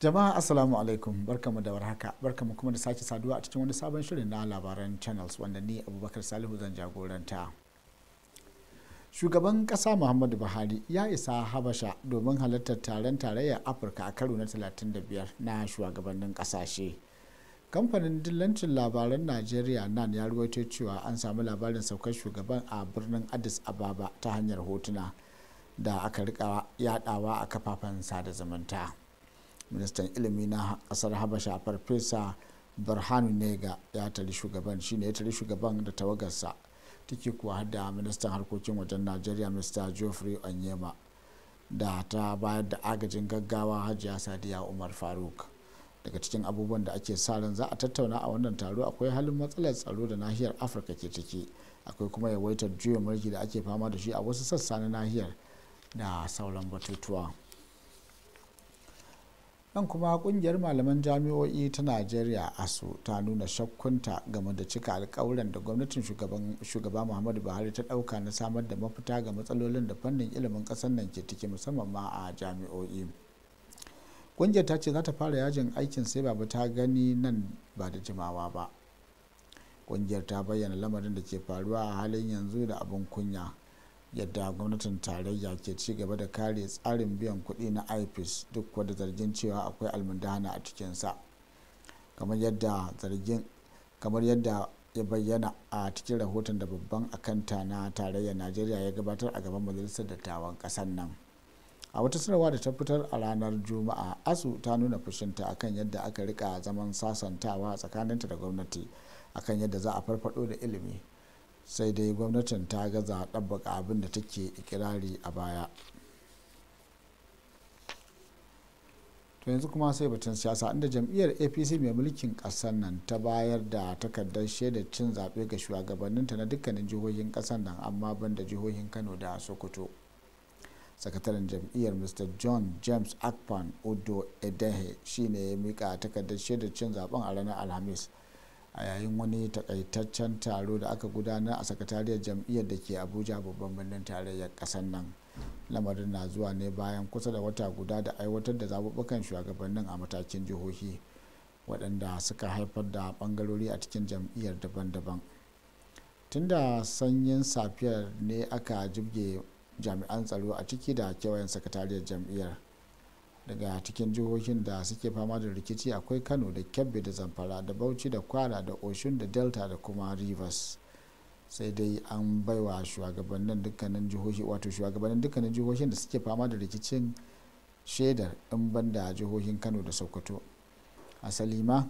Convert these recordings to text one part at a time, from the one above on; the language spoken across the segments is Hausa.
jama'a assalamu alaikum barkamu da warhaka barkamu kuma da sake saduwa a cikin wani sabon shirin na labaran channels wanda ni abubakar salihu zan jagoranta shugaban kasa muhammadu buhari ya isa habasha domin halartar taron tarayyar afirka a karo na 35 na shugabannin kasashe kamfanin dillancin labaran najeriya nan ya ruwaito cewa an samu labarin saukar shugaban a birnin addis ababa ta hanyar hotuna da aka rika yadawa a kafafen sada zumunta. ministan ilimi na kasar habasha farfesa barhanu nega ya tari shugaban shi ne ya tari shugaban da tawagarsa take kuwa har da ministan harkokin wajen najeriya mr geoffrey onyema da ta bayar da agajin gaggawa hajiya sadiya umar faruk daga cikin abubuwan da ake sa ran za a tattauna a wannan taro akwai halin matsalar tsaro da nahiyar afirka ke ciki akwai kuma yawaitar juya mulki da ake fama da shi a wasu sassa na nahiyar da sauran batutuwa. nan kuma kungiyar malaman jami'o'i ta najeriya asu ta nuna shakkunta game da cika alkawuran da gwamnatin shugaba muhammadu buhari ta dauka na samar da mafita ga matsalolin da fannin ilimin kasar nan ke ciki musamman ma a jami'o'i kungiyar ta ce za ta fara yajin aikin sai babu ta gani nan ba da jimawa ba kungiyar ta bayyana lamarin da ke faruwa a halin yanzu da abin kunya yadda gwamnatin tarayya ke ci gaba da kare tsarin biyan kuɗi na ipis duk wadda zargin cewa akwai almundana a cikinsa kamar yadda ya bayyana a cikin rahoton da babban akanta na tarayyar najeriya ya gabatar a gaban majalisar dattawan ƙasar nan a wata sanarwa da ta fitar a ranar juma'a asu ta nuna fushinta akan yadda aka rika zaman sasantawa tsakaninta da gwamnati akan yadda za a farfado da ilimi sai dai gwamnatin ta gaza ɗabbaka abin da take ikirari a baya to yanzu kuma sai batun siyasa inda jam'iyyar apc mai mulkin ƙasar nan ta bayar da takardar shaidar cin zaɓe ga shugabanninta na dukkanin jihohin ƙasar nan amma ban da jihohin kano da sokoto sakataren jam'iyyar mr john james akpan odo edehe shine ya mika takardar shaidar cin zaɓen a ranar alhamis a yayin wani takaitaccen taro da aka gudanar a sakatariyar jam'iyyar da ke abuja babban birnin tarayyar kasar nan lamarin na zuwa ne bayan kusa da wata guda da aiwatar da zaɓuɓɓukan shugabannin a matakin jihohi waɗanda suka haifar da ɓangarori a cikin jam'iyyar daban-daban tun da sanyin safiyar ne aka jibge jami'an tsaro a ciki da kewayen sakatariyar jam'iyyar daga cikin jihohin da suke fama da rikici akwai kano da kebbi da zamfara da bauchi da kwara da oshun da delta da kuma rivers sai dai an baiwa shugabannin dukkanin jihohi wato shugabannin dukkanin jihohin da suke fama da rikicin shaidar in banda jihohin kano da sokoto asali ma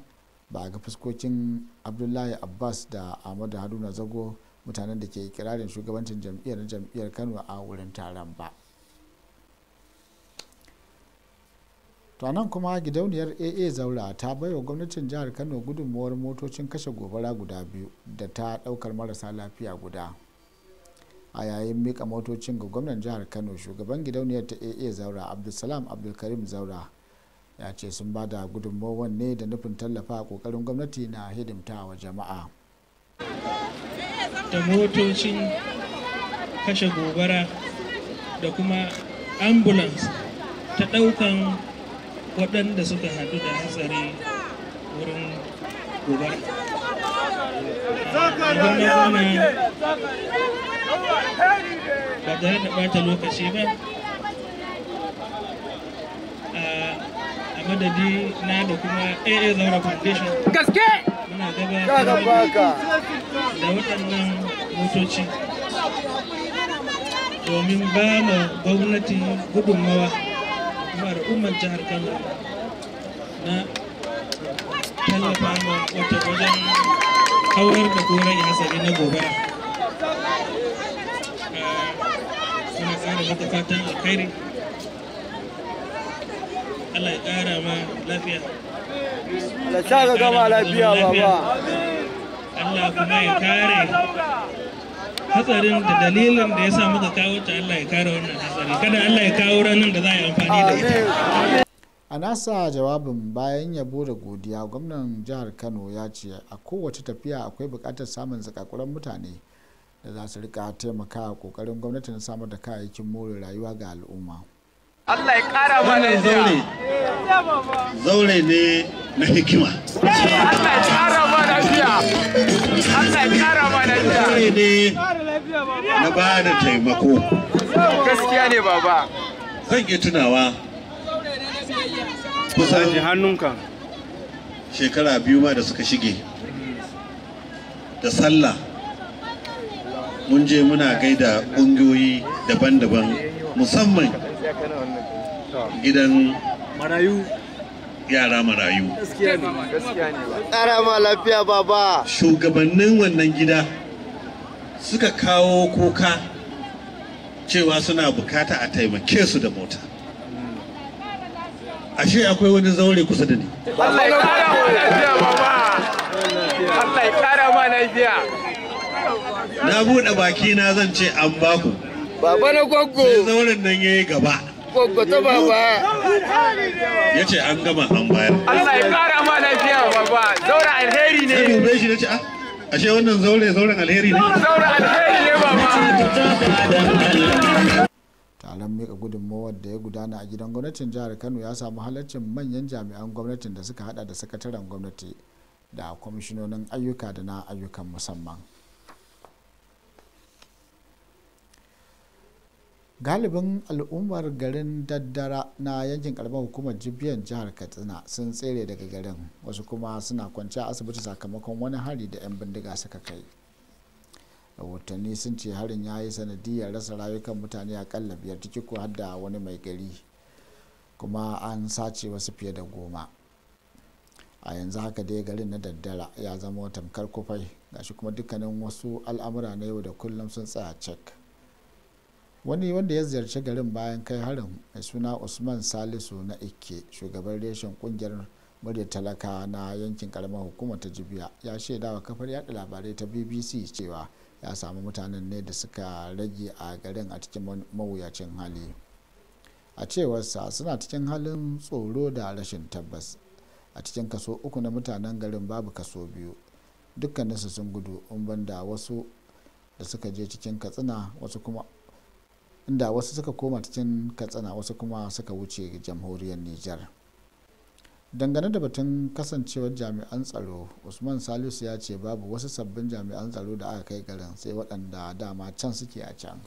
ba ga fuskokin abdullahi abbas da ahmadu haruna zago mutanen da ke kirarin shugabancin jam'iyyar jam'iyyar kano a wurin taron ba to nan kuma gidauniyar aa zaura ta bai wa gwamnatin jihar kano gudunmuwar motocin kashe gobara guda biyu da ta daukar marasa lafiya guda a yayin mika motocin ga gwamnan jihar kano shugaban gidauniyar ta aa zaura abdulsalam abdulkarim zaura ya ce sun ba da gudunmuwan ne da nufin tallafa a kokarin gwamnati na hidimta wa jama'a da motocin kashe gobara da kuma ambulance ta daukan waɗanda suka hadu da hatsari wurin guba ba tare da ɓata lokaci ba a madadi na da kuma aa zaura foundation gaske muna gaba da waɗannan motoci domin ba ma gwamnati gudunmawa hukumar jihar kano na tallafawa wata wajen kawar da goron hasari na gobara suna eh, ƙara mata fatan alkhairi Allah ya ƙara ma lafiya Allah sa ga gama lafiya baba Allah kuma ya kare hatsarin da dalilin da ya sa muka kawo ta Allah ya kare wannan kada Allah ya kawo ranar da za a yi amfani da ita a nasa jawabin bayan yabo da godiya gwamnan jihar kano ya ce a kowace tafiya akwai bukatar samun zakakuran mutane da za su rika taimaka a kokarin gwamnati na samar da kayayyakin more rayuwa ga al'umma Allah ya kara mana zaure zaure ne na hikima Allah ya kara mana Allah ya zaure ne na ba da taimako gaskiya ne baba zan iya tunawa kusan hannunka shekara biyu ma da suka shige da sallah mun je muna gaida ƙungiyoyi daban-daban musamman gidan marayu yara marayu tsara lafiya baba shugabannin wannan gida suka kawo kuka cewa suna bukata a taimake su da mota ashe akwai wani zaure kusa da ni Allah ya kara ma lafiya baba Allah ya kara ma lafiya na buɗe baki na zan ce an baku baba na goggo sai zauren nan yayi gaba goggo ta baba ya ce an gama an bayar Allah ya kara ma lafiya baba zaura alheri ne sai dube shi nace ah ashe wannan zaure zauren alheri ne taron mika gudunmawar da ya gudana a gidan gwamnatin jihar kano ya samu halarcin manyan jami'an gwamnatin da suka hada da sakataren gwamnati da kwamishinonin ayyuka da na ayyukan musamman galibin al'ummar garin daddara na yankin karamar hukumar jibiyan jihar katsina sun tsere daga garin wasu kuma suna a asibiti sakamakon wani hari da 'yan bindiga suka kai rahotanni sun ce harin ya yi sanadiyar rasa rayukan mutane akalla biyar ciki ko hadda wani mai gari kuma an sace wasu fiye da goma a yanzu haka dai garin na daddara ya zama tamkar kufai gashi kuma dukkanin wasu al'amura na yau da kullum sun tsaya cek. wani wanda ya ziyarci garin bayan kai harin mai suna usman salisu na ike shugaban reshen kungiyar murya talaka na yankin karamar hukumar ta jibiya ya shaida wa kafar yada labarai ta bbc cewa ya samu mutanen ne da suka rage a garin a cikin mawuyacin hali a cewarsa suna cikin halin tsoro da rashin tabbas a cikin kaso uku na mutanen garin babu kaso biyu dukkaninsu sun gudu in banda wasu da suka je cikin katsina wasu kuma inda wasu suka koma cikin katsina wasu kuma suka wuce jamhuriyar nijar dangane da batun kasancewar jami'an tsaro usman salisu ya ce babu wasu sabbin jami'an tsaro da aka kai garin sai waɗanda dama can suke a can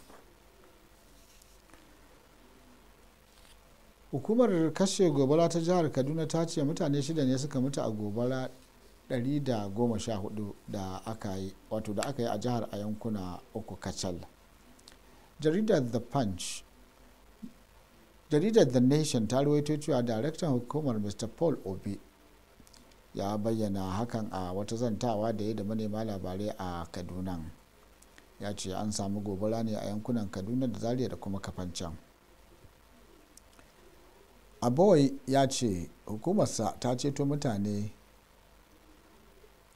hukumar kashe gobara ta jihar kaduna ta ce mutane shida ne suka mutu a gobara 114 da aka yi a jihar a yankuna uku kacal jaridar the punch jaridar the nation ta ruwaito cewa daraktan hukumar mr paul obi ya bayyana hakan a wata zantawa da ya da manema labarai a kaduna ya ce an samu gobara ne a yankunan kaduna da zaria da kuma kafancan aboy ya ce hukumarsa ta ceto mutane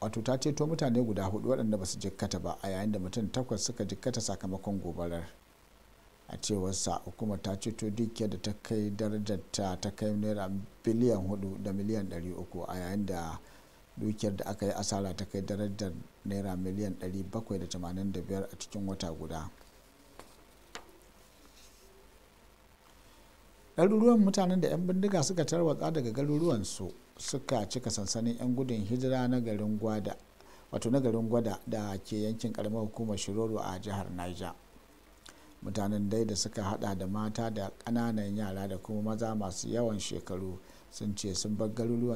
wato ta ceto mutane guda hudu waɗanda ba su jikkata ba a yayin da mutum takwas suka jikkata sakamakon gobarar a cewarsa hukumar ta ceto dukiyar da ta kai darajar ta ta kai naira biliyan 4 da miliyan 300 a yayin da dukiyar da aka yi asara ta kai darajar naira miliyan 785 a cikin wata guda ɗaruruwan mutanen da 'yan bindiga suka tarwatsa daga garuruwansu suka cika sansanin 'yan gudun hijira na garin gwada wato na garin gwada da ke yankin karamar hukumar shiroro a jihar niger mutanen dai da suka hada da mata da kananan yara da kuma maza masu yawan shekaru sun ce sun bar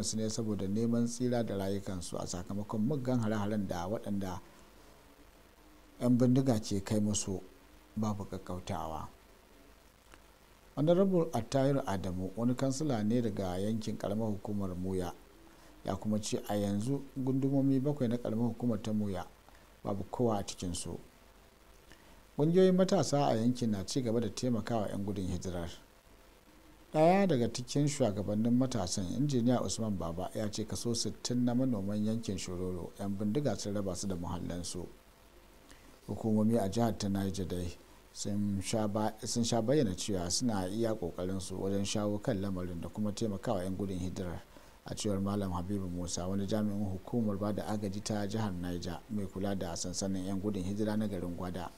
su ne saboda neman tsira da rayukansu a sakamakon muggan hare-haren da waɗanda 'yan bindiga ke kai musu babu kakkautawa honorable attahir adamu wani kansila ne daga yankin karamar hukumar muya ya kuma ce a yanzu gundumomi bakwai na karamar hukumar ta muya babu kowa a cikinsu ƙungiyoyin matasa a yankin na ci gaba da taimakawa 'yan gudun hijirar ɗaya daga cikin shugabannin matasan injiniya usman baba ya ce kaso 60 na manoman yankin shororo 'yan bindiga sun raba su da muhallansu hukumomi a jihar ta niger dai sun sha bayyana cewa suna iya su wajen shawo kan lamarin da kuma taimakawa 'yan gudun hijirar a cewar malam habibu musa wani jami'in hukumar ba da agaji ta jihar niger mai kula da sansanin 'yan gudun hijira na garin gwada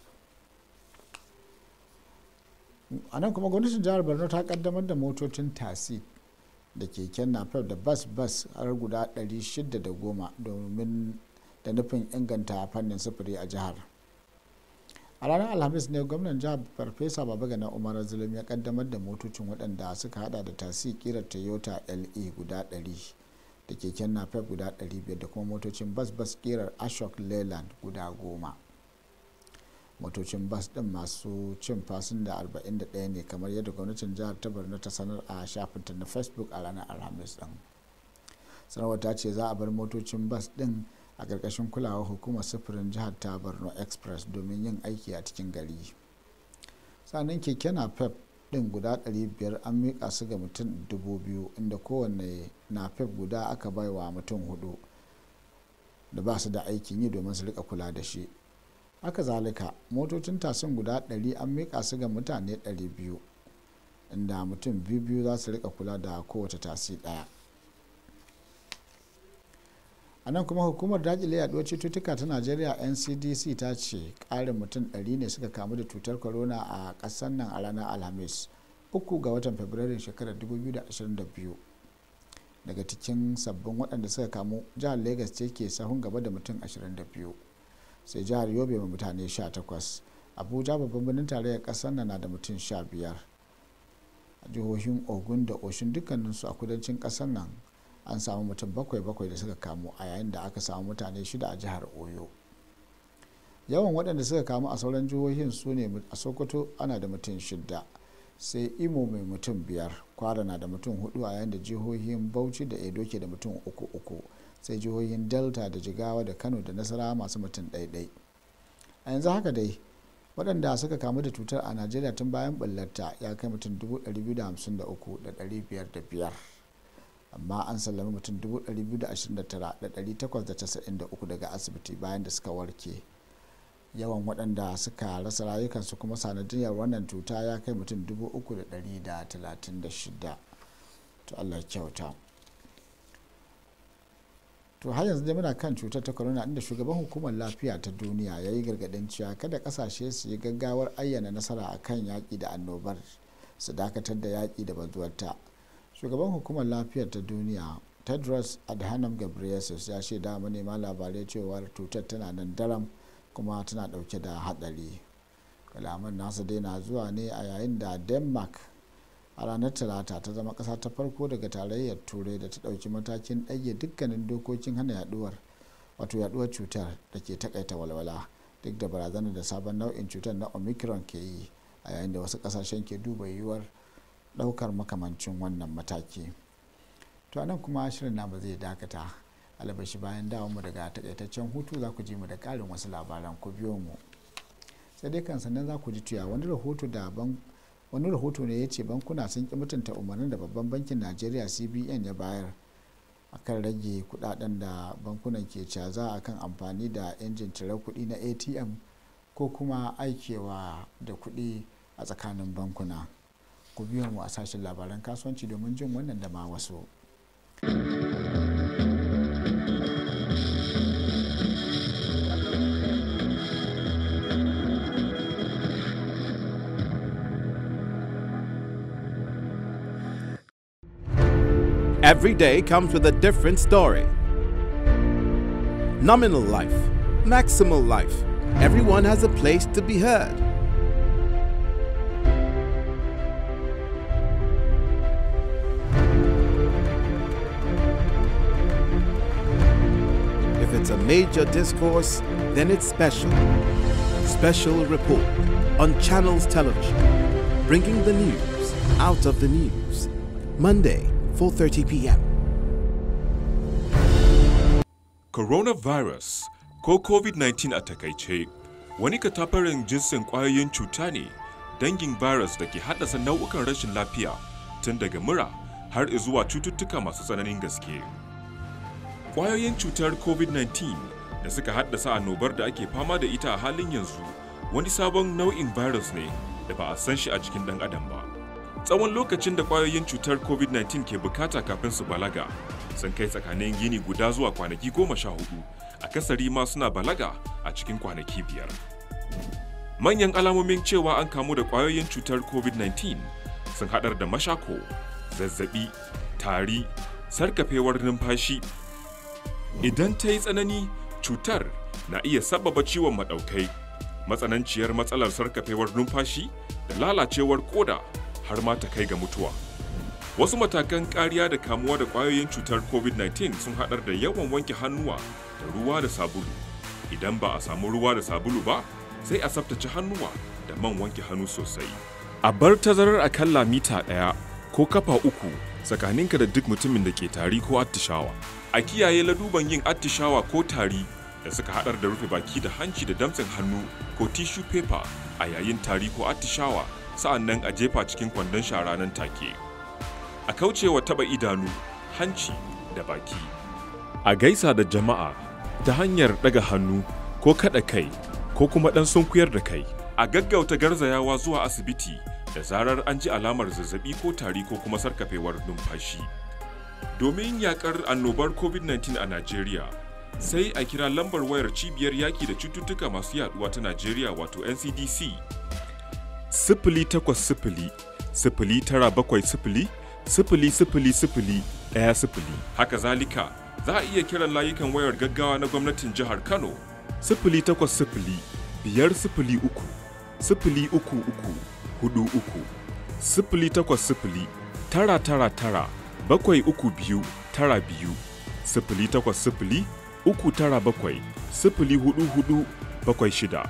a nan kuma gwamnatin jihar borno ta kaddamar da motocin tasi da keken nafar da bas bas har guda 610 domin da nufin inganta fannin sufuri a jihar a ranar alhamis ne gwamnan jihar farfesa baba gana umar zulum ya kaddamar da motocin waɗanda suka hada da tasi kirar toyota le guda 100 da keken nafar guda 500 da kuma motocin bas bas kirar ashok leyland guda goma motocin bas din masu cin da 41 ne kamar yadda gwamnatin jihar ta borno ta sanar a shafinta na facebook a ranar alhamis din sanarwar ta ce za a bar motocin bas din a karkashin kulawar hukumar sufurin jihar ta borno express domin yin aiki a cikin gari sannan keke na pep din guda 500 an miƙa su ga mutum 2000 inda kowanne na pep guda aka baiwa mutum hudu da ba su da aikin yi domin su rika kula da shi haka zalika motocin tasin guda 100 an mika su ga mutane 200 inda mutum biyu za su rika kula da kowace tasi daya a nan kuma hukumar dakile yaduwar cututtuka ta najeriya ncdc ta ce ƙarin mutum 100 ne suka kamu da cutar corona a ƙasar nan a ranar alhamis uku ga watan fabrairun shekarar 2022 daga cikin sabbin waɗanda suka kamu jihar lagos ce ke sahun gaba da mutum 22 sai jihar yobe mai mutane 18 abuja babban birnin tarayyar kasar na da mutum 15 a jihohin ogun da oshin dukkaninsu a kudancin kasar nan an samu mutum bakwai bakwai da suka kamu a yayin da aka samu mutane shida a jihar oyo yawan waɗanda suka kamu a sauran jihohin su ne a sokoto ana da mutum shida sai imo mai mutum biyar kwara na da mutum hudu a yayin da jihohin bauchi da edo ke da mutum uku uku sai jihohin delta da jigawa da kano da nasara masu mutum ɗaiɗai a yanzu haka dai waɗanda suka kamu da cutar a najeriya tun bayan ɓullarta ya kai mutum 253,505 amma an sallami mutum 229,893 daga asibiti bayan da suka warke yawan waɗanda suka rasa rayukansu kuma sanadiyar wannan cuta ya kai mutum 336 to allah kyauta to har yanzu dai muna kan cutar ta corona inda shugaban hukumar lafiya ta duniya ya yi gargadin cewa kada kasashe su yi gaggawar ayyana nasara a kan yaƙi da annobar su dakatar da yaƙi da bazuwarta shugaban hukumar lafiya ta duniya tedros adhanom ghebreyesus ya shaida manema labarai cewa cutar tana nan daram kuma tana ɗauke da haɗari kalaman nasa dai na zuwa ne a yayin da denmark a ranar talata ta zama kasa ta farko daga tarayyar turai da ta ɗauki matakin ɗage dukkanin dokokin hana yaduwar wato yaduwar cutar da ke takaita walwala duk da barazana da sabon nau'in cutar na omicron ke yi a yayin da wasu kasashen ke duba yiwuwar ɗaukar makamancin wannan mataki to nan kuma shirin ba zai dakata albashi bayan dawo mu daga takaitaccen hutu za ku ji mu da karin wasu labaran ku biyo mu sai dai kan sannan za ku ji tuya wani rahoto da ban wani rahoto ne ya ce bankuna sun ki mutunta umarnin da babban bankin najeriya cbn ya bayar akan rage kudaden da bankunan ke caza akan amfani da injin cirar kudi na atm ko kuma aikewa da kudi a tsakanin bankuna ku biyo mu a sashen labaran kasuwanci domin jin wannan da ma wasu Every day comes with a different story. Nominal life, maximal life, everyone has a place to be heard. If it's a major discourse, then it's special. Special Report on Channels Television, bringing the news out of the news. Monday, 4:30 p.m. Coronavirus ko COVID-19 a takaice wani katafaren jinsin ƙwayoyin cuta ne dangin virus da ke haddasa nau'ukan rashin lafiya tun daga mura har zuwa cututtuka masu tsananin gaske. Ƙwayoyin cutar COVID-19 da suka haddasa annobar da ake fama da ita a halin yanzu wani sabon nau'in virus ne da ba a san shi a cikin ɗan adam ba. tsawon lokacin da kwayoyin cutar covid-19 ke bukata kafin su balaga sun kai tsakanin gini guda zuwa kwanaki goma sha hudu akasari ma suna balaga a cikin kwanaki biyar manyan alamomin cewa an kamu da kwayoyin cutar covid-19 sun haɗar da mashako zazzabi tari sarkafewar numfashi idan ta yi tsanani cutar na iya sababa ciwon maɗaukai matsananciyar matsalar sarkafewar numfashi da lalacewar koda har ma ta kai ga mutuwa wasu matakan kariya da kamuwa da kwayoyin cutar covid-19 sun haɗar da yawan wanke hannuwa da ruwa da sabulu idan ba a samu ruwa da sabulu ba sai a tsaftace hannuwa da man wanke hannu sosai a bar tazarar a akalla mita ɗaya ko kafa uku tsakaninka da duk mutumin da ke tari ko attishawa a kiyaye laduban yin attishawa ko tari da suka haɗar da rufe baki da hanci da damtsin hannu ko tishu paper a yayin tari ko attishawa sa'an nan a jefa cikin kwandon shara nan take a kaucewa taba idanu hanci da baki a gaisa da jama'a ta hanyar daga hannu ko kada kai ko kuma dan sunkuyar da kai a gaggauta garzayawa zuwa asibiti da zarar an ji alamar zazzabi ko tari ko kuma sarkafewar numfashi domin yakar annobar covid-19 a najeriya sai a kira lambar wayar cibiyar yaki da cututtuka masu yaduwa ta najeriya wato ncdc sifili takwas sifili sifili tara bakwai sifili sifili sifili sifili ɗaya sifili. Haka zalika za a iya kiran layukan wayar gaggawa na gwamnatin jihar Kano sifili takwas sifili biyar sifili uku sifili uku uku hudu uku sifili takwas sifili tara tara tara bakwai uku biyu tara biyu sifili takwas sifili uku tara bakwai sifili hudu hudu bakwai shida.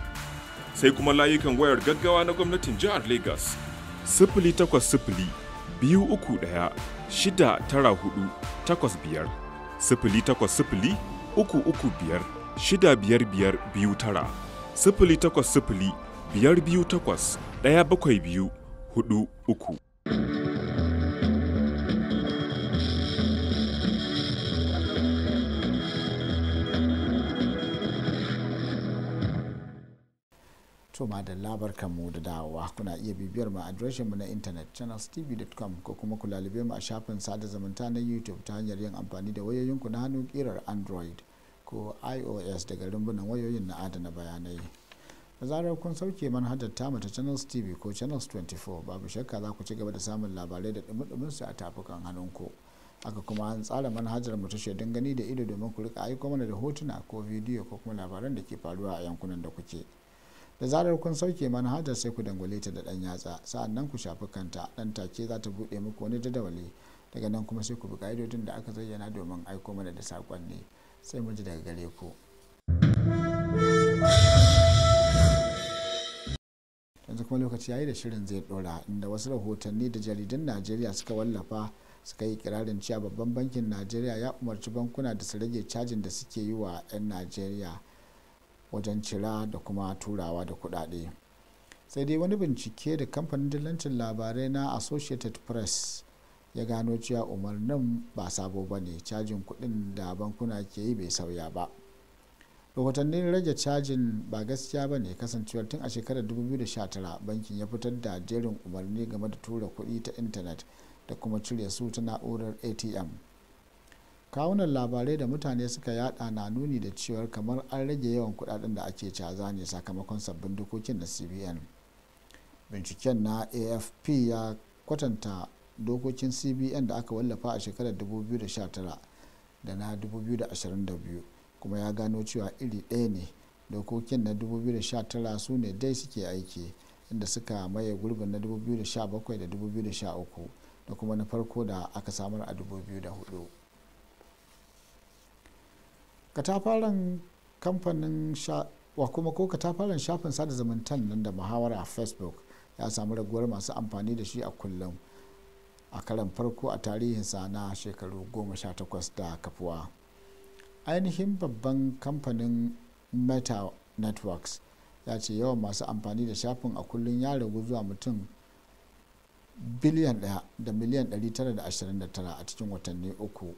sai kuma layukan wayar gaggawa na gwamnatin jihar Legas. Sifili takwas sifili biyu uku ɗaya shida tara hudu takwas biyar sifili takwas sifili uku uku biyar shida biyar biyar biyu tara sifili takwas sifili biyar biyu takwas ɗaya bakwai biyu hudu uku. to da barkan mu da dawowa kuna iya bibiyar mu adireshin mu na intanet channelstv.com ko kuma ku lalube mu a shafin sada zumunta na youtube ta hanyar yin amfani da wayoyinku na hannu kirar android ko ios daga rumbunan wayoyin na adana bayanai da zarar kun sauke manhajar tamu ta channels tv ko channels 24 babu shakka za ku ci gaba da samun labarai da dumi su a tafukan hannunku haka kuma an tsara manhajar mu ta shaidun gani da ido domin ku rika aiko mana da hotuna ko bidiyo ko kuma labaran da ke faruwa a yankunan da kuke da zarar kun sauke manhajar sai ku dangwale ta da dan yatsa nan ku shafi kanta dan take za ta buɗe muku wani jadawali daga nan kuma sai ku bi ka'idodin da aka zayyana domin aiko mana da sakonni sai mu ji daga gare ku yanzu kuma lokaci yayi da shirin zai dora inda wasu rahotanni da jaridun najeriya suka wallafa suka yi kirarin cewa babban bankin najeriya ya umarci bankuna da su rage cajin da suke yi wa 'yan najeriya wajen cira da kuma turawa da kuɗaɗe sai dai wani bincike da kamfanin dillancin labarai na associated press ya gano cewa umarnin ba sabo ba ne cajin kuɗin da bankuna ke yi bai sauya ba rahotannin rage cajin ba gaskiya ba ne kasancewar tun a shekarar 2019 bankin ya fitar da jerin umarni game da tura kuɗi ta intanet da kuma cire su ta na'urar atm kawunan labarai da mutane suka yada na nuni da cewar kamar an rage yawan kudaden da ake caza ne sakamakon sabbin dokokin na cbn binciken na afp ya kwatanta dokokin cbn da aka wallafa a shekarar 2019 da na 2022 kuma ya gano cewa iri ɗaya ne dokokin na 2019 su ne dai suke aiki inda suka maye gurbin na 2017 da 2013 da kuma na farko da aka samar a 2004 katafaren kamfanin wa kuma ko katafaren shafin sada zumuntan nan da muhawara a facebook ya samu raguwar masu amfani da shi a kullum a karan farko a tarihinsa na shekaru 18 da kafuwa ainihin babban kamfanin meta networks ya ce yawan masu amfani da shafin a kullum ya ragu zuwa mutum biliyan daya da miliyan 929 a cikin watanni uku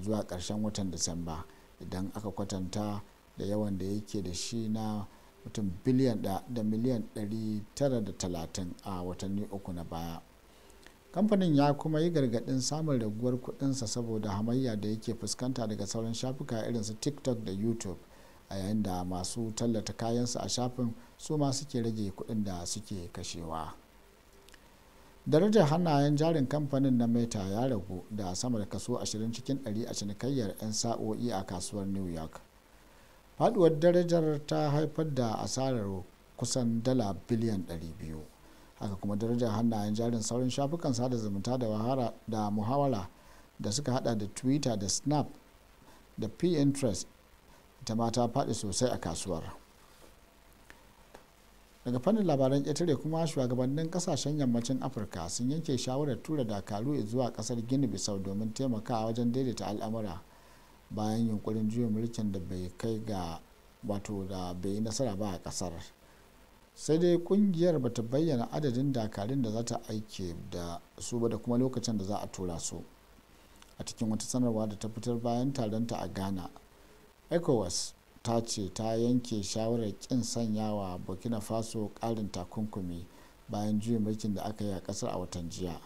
zuwa karshen watan disamba idan aka kwatanta da yawan da yake da shi na mutum biliyan da miliyan 930 a watanni uku na baya kamfanin ya kuma yi gargadin samun raguwar kudinsa saboda hamayya da yake fuskanta daga sauran shafuka irin su tiktok da youtube a yayin da masu tallata kayansa a shafin su ma suke rage kudin da suke kashewa. darajar hannayen jarin kamfanin na meta ya ragu da sama da kaso 20 cikin 100 a cinikayyar 'yan sa'o'i a kasuwar new york faduwar darajar ta haifar da asarar kusan dala biliyan 200 haka kuma darajar hannayen jarin saurin shafukan sada zumunta da da muhawara da suka hada da twitter da snap da pinterest ita ma ta faɗi sosai a kasuwar daga fannin labaran ƙetare kuma shugabannin ƙasashen yammacin afirka sun yanke shawarar tura dakaru zuwa ƙasar gini bisau domin taimakawa wajen daidaita al'amura bayan yunkurin juyin mulkin da bai kai ga wato da bai yi nasara ba a ƙasar sai dai kungiyar bata bayyana adadin dakarun da za ta aike da su ba da kuma lokacin da za a tura su a cikin wata sanarwa da ta fitar bayan taron ta a ghana ecowas ta ce ta yanke shawarar kin sanyawa wa burkina faso ƙarin takunkumi bayan juyin mulkin da aka yi a ƙasar a watan jiya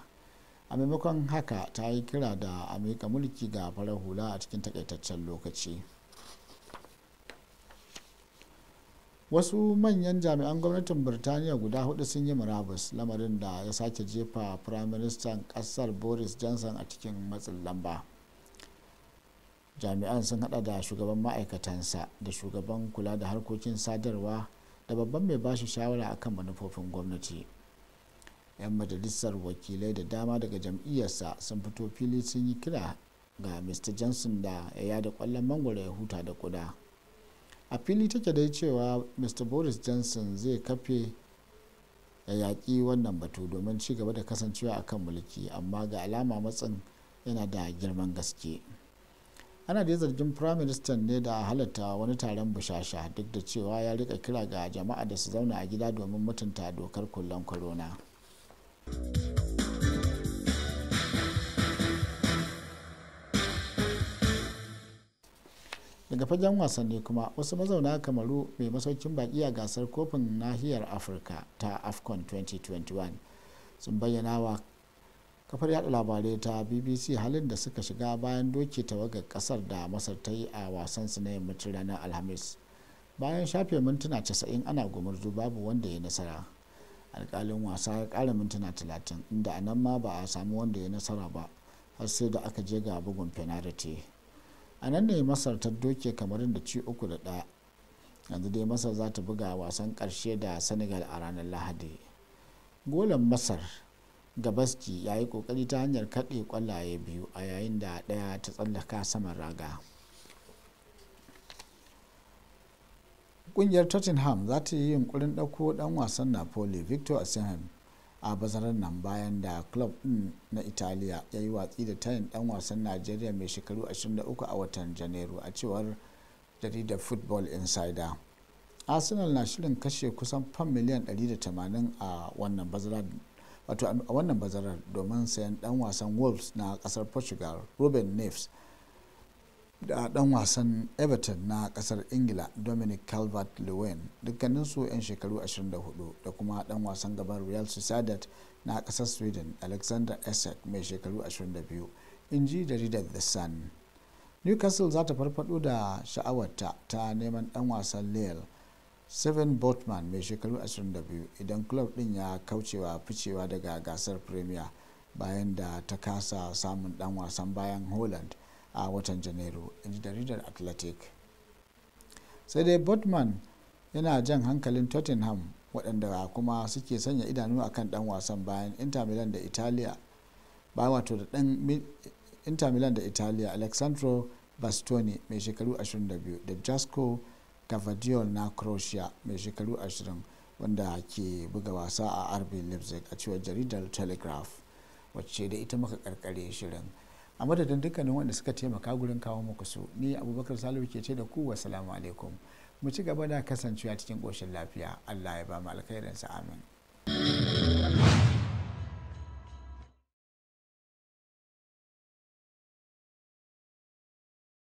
a maimakon haka ta yi kira da a mulki ga farar hula a cikin takaitaccen lokaci wasu manyan jami'an gwamnatin birtaniya guda hudu sun yi murabus lamarin da ya sake jefa firaministan ƙasar boris johnson a cikin matsin lamba. jami'an sun hada da shugaban ma'aikatansa da shugaban kula da harkokin sadarwa da babban mai bashi shawara akan manufofin gwamnati 'yan majalisar wakilai da dama daga jam'iyyarsa sun fito fili sun yi kira ga mr johnson da ya yada kwallon mangwaro ya huta da kuda a fili take dai cewa mr boris johnson zai kafe ya yaƙi wannan batu domin ci gaba da kasancewa akan mulki amma ga alama matsin yana da girman gaske. ana da zargin prime ne da halatta wani taron bushasha duk da cewa ya rika kira ga jama'a da su zauna a gida domin mutunta dokar kullon corona daga fagen wasanni kuma wasu mazauna kamaru mai masaukin baki a gasar kofin nahiyar afirka ta afcon 2021 sun bayyana wa kafar yada labarai ta bbc halin da suka shiga bayan doke tawagar kasar da masar ta yi a wasan su na yammacin ranar alhamis bayan shafe mintuna 90 ana gumurzu babu wanda ya nasara alkalin wasa ya kara mintuna 30 inda a nan ma ba a samu wanda ya nasara ba har sai da aka je ga bugun fenariti a nan ne masar ta doke kamar da ci uku da ɗaya yanzu dai masar za ta buga wasan ƙarshe da senegal a ranar lahadi golan masar gabaski ya yi kokari ta hanyar kaɗe ƙwallaye biyu a yayin da ɗaya ta tsallaka saman raga ƙungiyar tottenham za ta yi yunkurin ɗauko ɗan wasan napoli victor osimhen a bazarar nan bayan da club ɗin na italiya ya yi watsi da tayin ɗan wasan najeriya mai shekaru 23 a watan janairu a cewar jaridar football insider arsenal na shirin kashe kusan fam miliyan 180 a wannan bazarar wato a wannan bazarar domin sayan dan wasan wolves na kasar portugal ruben neves da dan wasan everton na kasar ingila dominic calvert lewin su 'yan shekaru 24 da kuma dan wasan gaban real sociedad na kasar sweden alexander esek mai shekaru 22 in ji jaridar the sun newcastle za ta farfado da sha'awarta ta neman dan wasan lille seven botman mai shekaru 22 idan club din ya kaucewa ficewa daga gasar premier bayan da ta kasa samun dan wasan bayan holland a watan janairu inji jaridar atlantic sai dai botman yana jan hankalin tottenham waɗanda kuma suke sanya idanu akan dan wasan bayan inter milan da italia ba wato da dan inter milan da italia alexandro bastoni mai shekaru 22 da jasco cavadiol na croatia mai shekaru 20 wanda ke buga wasa a rb leipzig a cewar jaridar telegraph wacce da ita muka karkare shirin a madadin dukkanin wanda suka taimaka gurin kawo muku su ni abubakar salihu ke ce da ku wasalamu alaikum mu ci gaba da kasancewa cikin ƙoshin lafiya allah ya ba mu alkhairinsa amin